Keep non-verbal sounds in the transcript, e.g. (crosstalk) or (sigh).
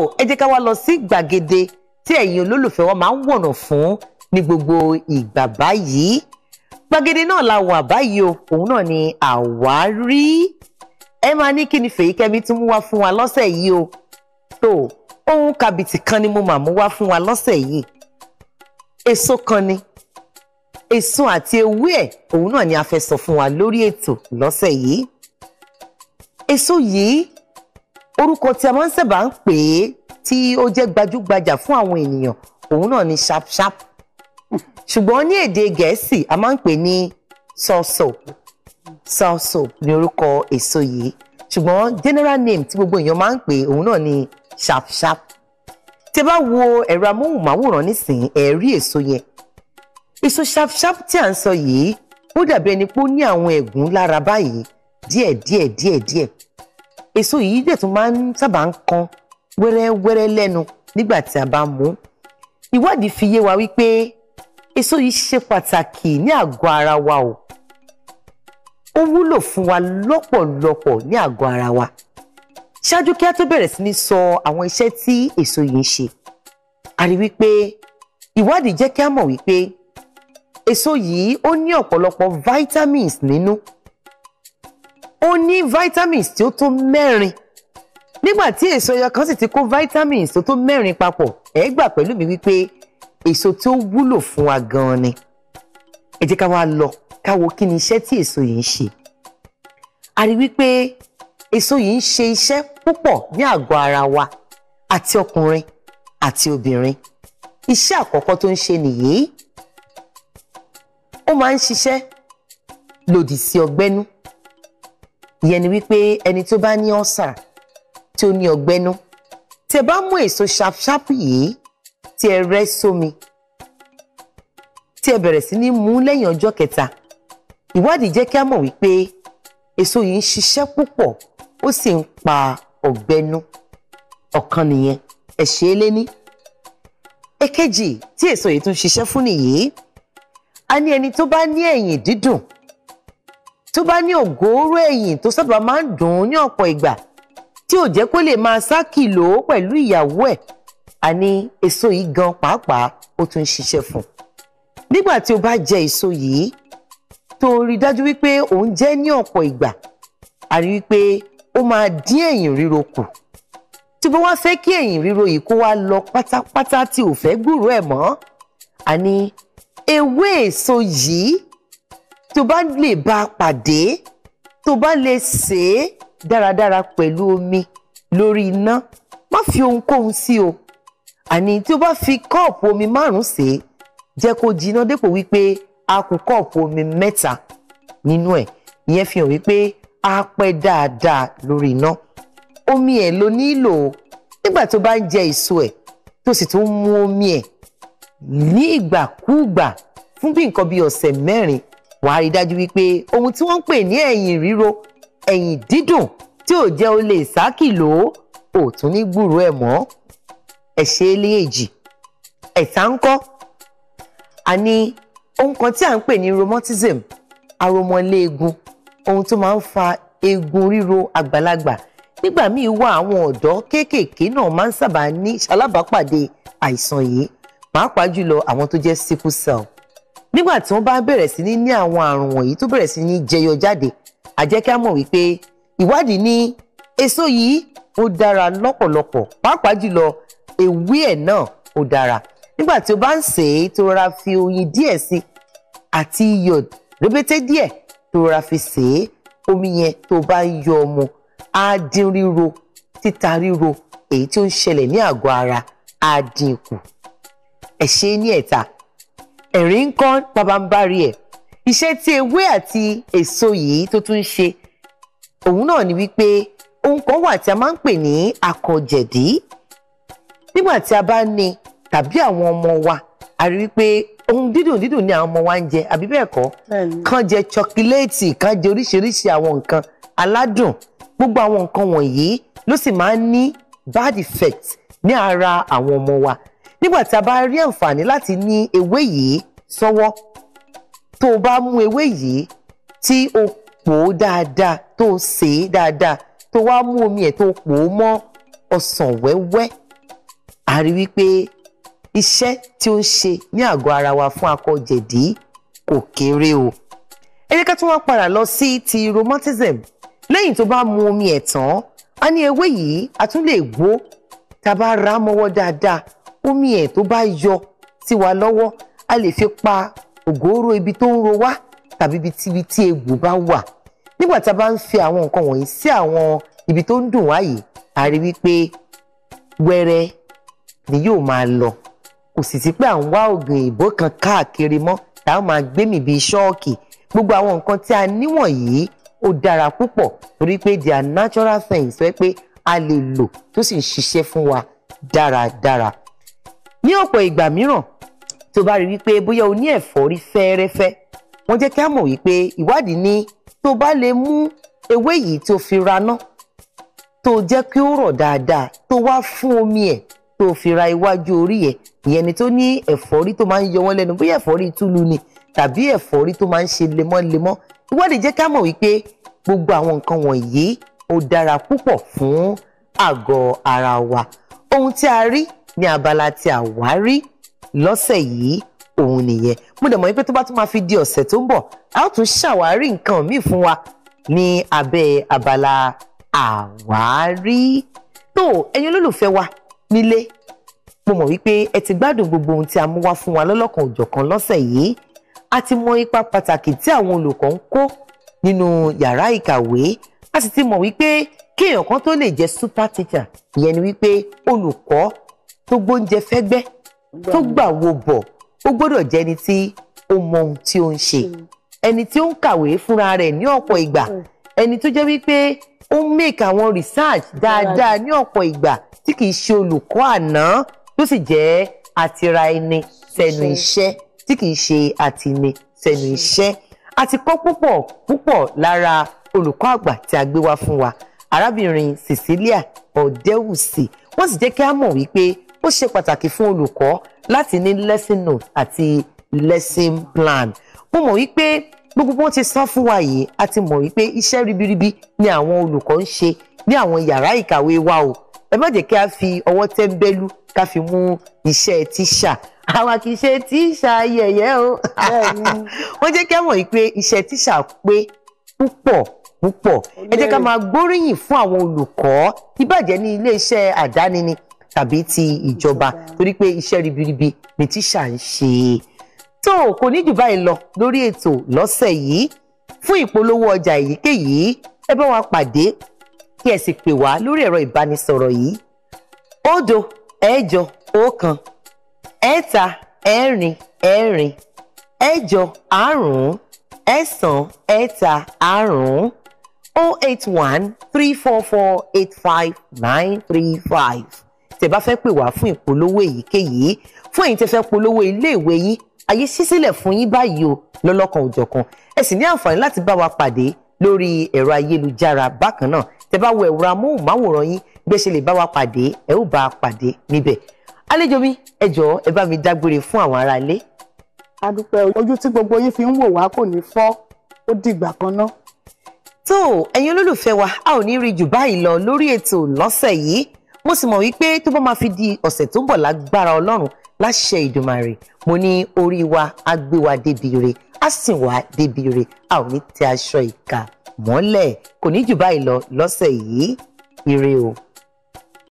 so ẹ jẹ́ ká wá lọ sí gbàgede tí ẹ̀yin olólùfẹ́ wa máa ń wọ̀nà fún ní gbogbo ìgbà báyìí gbàgede náà la wà báyìí o òun náà ni àwárí ẹ máa ní kí ni Fèyíkẹ́mi tún mú wá fún wa lọ́sẹ̀ yìí o tó ohun kàbìtì kan ni mo máa mú wá fún wa lọ́sẹ̀ yìí èso kan ni èso àti ewé ẹ̀ òun náà ni a fẹ́ sọ fún wa lórí ètò lọ́sẹ̀ yìí èso yìí orúkọ tí a máa ń sábà ń pè é tí ó jẹ́ gbajúgbajà fún àwọn ènìyàn òun náà ni sharp sharp ṣùgbọ́n ní èdè gẹ̀ẹ́sì a máa ń pè ní soursop soursop ni orúkọ èso yìí ṣùgbọ́n general name tí gbogbo èèyàn máa ń pè òun náà ni sharp sharp tẹ bá wo ẹ̀rọ amóhùnmáwòrán nísìnyí ẹ rí èso yẹn èso sharp sharp tí à ń sọ yìí ó dàbí ẹni pé ó ní àwọn ẹ̀gún lára báyìí díẹ̀ díẹ̀ díẹ̀ díẹ̀ èso yìí dẹ̀ tún máa ń sábà ń kan wẹ́rẹ́wẹ́rẹ́ lẹ́nu nígbà tí a bá mú ìwádìí fi yé wa wípé èso yìí ṣe pàtàkì ní àgọ́ ara wa o ó wúlò fún wa lọ́pọ̀lọpọ̀ ní àgọ́ ara wa ṣáájú kí a tó bẹ̀rẹ̀ sí ní sọ àwọn iṣẹ́ tí èso yìí ń ṣe a rí wípé ìwádìí jẹ́ kí a mọ̀ wípé èso yìí ó ní ọ̀pọ̀lọpọ̀ vitamins nínú. No? ó ní vitamins tí ó tó mẹ́rin nígbà tí èso ẹyọ kan sì ti kó vitamins tó tó mẹ́rin papọ̀ ẹ gbà pẹ̀lú mi wípé èso tí ó wúlò fún wa gan-an ni ẹ jẹ́ ká wá lọ ká wo kí ni iṣẹ́ tí èso yìí ń ṣe a rí wípé èso yìí ń ṣe iṣẹ́ púpọ̀ ní àgọ́ ara wa àti ọkùnrin àti obìnrin iṣẹ́ àkọ́kọ́ tó ń ṣe nìyí ó máa ń ṣiṣẹ́ lòdì sí ọgbẹ́nú ìyẹn ni wípé ẹni tó bá ní ọ̀sà tí ó ní ọgbẹ́nú tí ẹ bá mú èso ṣapṣapu yìí tí ẹ rẹ́ sómi tí ẹ bẹ̀rẹ̀ sí ní mú lẹ́yìn ọjọ́ kẹta ìwádìí jẹ́ kí a mọ̀ wípé èso yìí ń ṣiṣẹ́ púpọ̀ ó sì ń pa ọgbẹ́nú ọ̀kan nìyẹn ẹ ṣe é léní. èkejì tí èso yìí tún ṣiṣẹ́ fún nìyí a ní ẹni tó bá ní ẹ̀yìn dídùn tó bá ní ògóóró ẹ̀yìn tó sábà máa ń dùn ún ní ọ̀pọ̀ ìgbà tí ò jẹ́ kó lè máa sá kìlò pẹ̀lú ìyàwó ẹ̀ àní èso yìí gan pàápàá ó tún ń ṣiṣẹ́ fún un. nígbà tí o bá jẹ èso yìí tó rí dájú wípé ò ń ní ọ̀pọ̀ ìgbà àrí wípé ó máa dín ẹ̀yìn ríro kù tí bó wá fẹ́ kí ẹ̀yìn ríro yìí kó wá lọ pátápátá tí ò fẹ́ gbúròó ẹ̀ mọ́ àní ewé èso yìí tó bá lè bá a pàdé tó bá lè sè é dáradára pẹ̀lú omi lórí iná má fi ohunkóhun sí o àní tí o bá fi kọ́ọ̀pù omi márùn-ún sè é jẹ́ kó jiná dépò wípé a kù kọ́ọ̀pù omi mẹ́ta nínú ẹ̀ ìyẹn fi hàn wípé a pẹ́ dáadáa lórí iná omi ẹ̀ ló nílò nígbà tó bá ń jẹ èso ẹ̀ tó sì tún mú omi ẹ̀ ní ìgbàkúùgbà fún bí nǹkan bíi ọ̀sẹ̀ mẹ́rin wàá rí dájú wípé ohun tí wọ́n ń pè ní ẹ̀yìn ríro ẹ̀yìn dídùn tí ò jẹ́ o lè sá kìlò ò tún ní gbúrú ẹ̀ mọ́ ẹ̀ ṣe é léèjì ẹ̀sà ń kọ́ a ní ohun kan tí à ń pè ní rheumatism aromọléegun ohun tó máa ń fa eegun ríro àgbàlagbà nígbà míì wá àwọn ọ̀dọ́ kéékèèké náà máa ń sábà ní ṣalábàápàdé àìsàn yìí pàápàá jùlọ àwọn tó jẹ́ sickle cell nígbà tí wọ́n bá bẹ̀rẹ̀ sí ní ní àwọn àrùn wọ̀nyí tó bẹ̀rẹ̀ sí ní jẹyọ jáde a jẹ́ ká mọ̀ wípé ìwádìí ní èso yìí ó dára lọ́pọ̀lọpọ̀ pàápàá jùlọ ewé ẹ̀ náà ó dára nígbà tí o bá ń sè é tó rọra fi oyin díẹ̀ sí àti iyọ̀ rébété díẹ̀ tó rọra fi sè é omi yẹn tó bá ń yọ ọmọ á dín ríro títa ríro èyí tí ó ń ṣẹlẹ̀ ní àgọ́ ara á dín kù ẹ ṣe é ní ẹ̀ta ẹ̀rín ń kán pabambarì ẹ̀ iṣẹ́ tí ewé àti èso yìí tó tún ṣe òun náà ni wípé ohun kan wà tí a máa ń pè ní akọ̀jẹ̀dí nígbà tí a bá ní tàbí àwọn ọmọ wa a rí wípé ohun dídùn dídùn ni àwọn ọmọ wa ń jẹ àbí bẹ́ẹ̀ kọ́ kàn jẹ chocolate kàn jẹ oríṣiríṣi àwọn nǹkan aládùn gbogbo àwọn nǹkan wọ̀nyí ló sì máa ń ní bad effect ní ara àwọn ọmọ wa nígbà tí a bá rí àǹfààní láti ní ewé yìí sọ́wọ́ tó o bá mú ewé yìí tí o pò ó dáadáa tó o sè é dáadáa tó wá mú omi ẹ̀ tó o pò ó mọ́ ọsàn wẹ́wẹ́ a rí wípé iṣẹ́ tí ó ń ṣe ní àgọ́ ara wa fún akọ́jẹ̀dí kò kéré o ẹ ká tún wá padà lọ sí ti romantism lẹ́yìn tó bá mu omi ẹ̀ tán a ní ewé yìí a tún lè gbó tá a bá ra mọ́wọ́ dáadáa omi ẹ̀ tó bá yọ sí wa lọ́wọ́ a lè fi pa ògóró ibi tó ń ro wá tàbí ibi tí egbò bá wà nígbà tá a bá ń fi àwọn nǹkan wọ̀nyí sí àwọn ibi tó ń dùn wá yìí a rí wípé wẹ́rẹ́ ni yóò máa lọ kò sì sí pé à ń wá oògùn èèbó kan káàkiri mọ́ tá a máa gbé mi bíi ṣọ́ọ̀kì gbogbo àwọn nǹkan tí a níwọ̀nyí ó dára púpọ̀ torí pé they are natural things wẹ́ pé a lè lò tó sì ń ṣiṣẹ́ fún wa dáradára ní ọ̀pọ̀ ìgbà mìíràn tó bá rí wípé bóyá o ní ẹ̀fọ́rí fẹ́ẹ́rẹ́fẹ́ wọ́n jẹ́ kí á mọ̀ wípé ìwádìí ní tó bá lè mú ewé yìí tó fi raná tó jẹ́ kí ó rọ̀ dáadáa tó wá fún omi ẹ̀ tó fi ra iwájú orí ẹ̀ ìyẹn ni tó ní ẹ̀fọ́rí tó máa ń yọ wọ́n lẹ́nu bóyá ẹ̀fọ́rí túlù ni tàbí ẹ̀fọ́rí tó máa ń ṣe lemọ́lemọ́ ìwádìí jẹ́ ká mọ̀ wípé gbogbo àwọn nǹkan wọ̀nyí ó dára púpọ̀ fún àgọ́ ara wa ohun tí a rí ní abala tí àwárí lọ́sẹ̀ yìí òun nìyẹn mo dẹ̀ mọ̀ wípé tó bá tún máa fi di ọ̀sẹ̀ tó ń bọ̀ a ó tún ṣàwárí nǹkan míì fún wa ní abẹ́ abala àwárí tó ẹ̀yin olólùfẹ́ wa nílé mo mọ̀ wípé ẹ ti gbádùn gbogbo ohun tí a mú wá fún wa lọ́lọ́kan òjọ̀kan lọ́sẹ̀ yìí a ti mọ ipa pàtàkì tí àwọn olùkọ́ ń kó nínú yàrá ìkàwé a sì ti mọ̀ wípé kéèyàn kan tó lè jẹ́ super teacher ìyẹn ni wípé olùkọ́ tó gbóúnjẹ fẹ́gbẹ́ tó gbà wo bọ̀ ó gbọ́dọ̀ jẹ́ ẹni tí ó mọ ohun tí ó ń ṣe hmm. ẹni tí ó ń kàwé fúnra rẹ̀ ní ọ̀pọ̀ hmm. ìgbà ẹni tó jẹ́ wípé ó ń make àwọn research hmm. dáadáa ní ọ̀pọ̀ ìgbà tí kìí ṣe olùkọ́ àná tó sì jẹ́ àtira ẹni sẹ́nu iṣẹ́ tí kìí ṣe àtìní sẹ́nu iṣẹ́ a ti kọ́ púpọ̀ púpọ̀ lára olùkọ́ àgbà tí a gbé wá fún wa arábìnrin Cecilia Ọ̀dẹ́wùsì wọ́n sì jẹ́ kí a mọ̀ wípé ó ṣe pàtàkì fún olùkọ́ láti ní lesson note àti lesson plan mo mọ̀ wípé gbogbo bó ti sọ fún wa yìí a ti mọ̀ wípé iṣẹ́ ribiribi ni àwọn olùkọ́ ń ṣe ní àwọn yàrá ìkàwé wa o ẹ má jẹ́ kí a fi ọwọ́ tẹ́ńbẹ́lú ká fi mú iṣẹ́ tíṣà àwa kì í ṣe tíṣà yẹ̀yẹ́ o (laughs) wọ́n jẹ́ kí a mọ̀ wípé iṣẹ́ tíṣà pé púpọ̀ púpọ̀ ẹ jẹ́ ká máa gbóríyìn fún àwọn olùkọ́ ìbàjẹ́ ní iléeṣẹ́ àdáni ni tàbí ti ìjọba torí pé iṣẹ́ ribiribi ni tíṣà ń ṣe. tó kò ní jù báyìí lọ lórí ètò lọ́sẹ̀ yìí fún ìpolówó ọjà èyíkéyìí ẹ bá wa pàdé kí ẹ sì pè wá lórí ẹ̀rọ ìbánisọ̀rọ̀ yìí òdo ẹ̀jọ ọ̀kan ẹ̀ta ẹ̀rin ẹ̀rin ẹ̀jọ àrún ẹ̀sán ẹ̀ta àrún o oh eight one three four four eight five nine three five tẹ́ bá fẹ́ pè wá fún ìpolówó èyíkéyìí fún ẹ̀yin tẹ́ fẹ́ polówó iléèwé yín ayé ṣí sílẹ̀ fún yín báyìí o lọ́lọ́kan òjọ̀kan ẹ sì ní àǹfààní láti bá wa pàdé lórí ẹ̀rọ ayélujára bákan náà tẹ́ bá wo ẹ̀rọ amóhùnmáwòrán yín gbèsè lè bá wa pàdé ẹ ó bá a pàdé níbẹ̀ àlejò mi ẹ jọ̀ọ́ ẹ bá mi dágbére fún àwọn aráalé. a dúpẹ́ ojú tí gbogbo yín fi ń wò wá kò ní fọ́ ó dìgbà kan náà. tó ẹ̀yin olólùfẹ́ wa a ò ní rí jù báyìí lọ lórí ètò lọ́sẹ̀ yìí mo sì mọ̀ wípé tó bá máa fi di ọ̀sẹ̀ tó ń bọ̀ lágbára ọlọ́run láṣẹ ìdùmarè mo ní orí wa á gbé wa débi ire á sìn wá débi ire a ò ní tẹ aṣọ ìka mọ́lẹ̀ kò ní jù báyìí lọ lọ́sẹ̀ yìí ire o.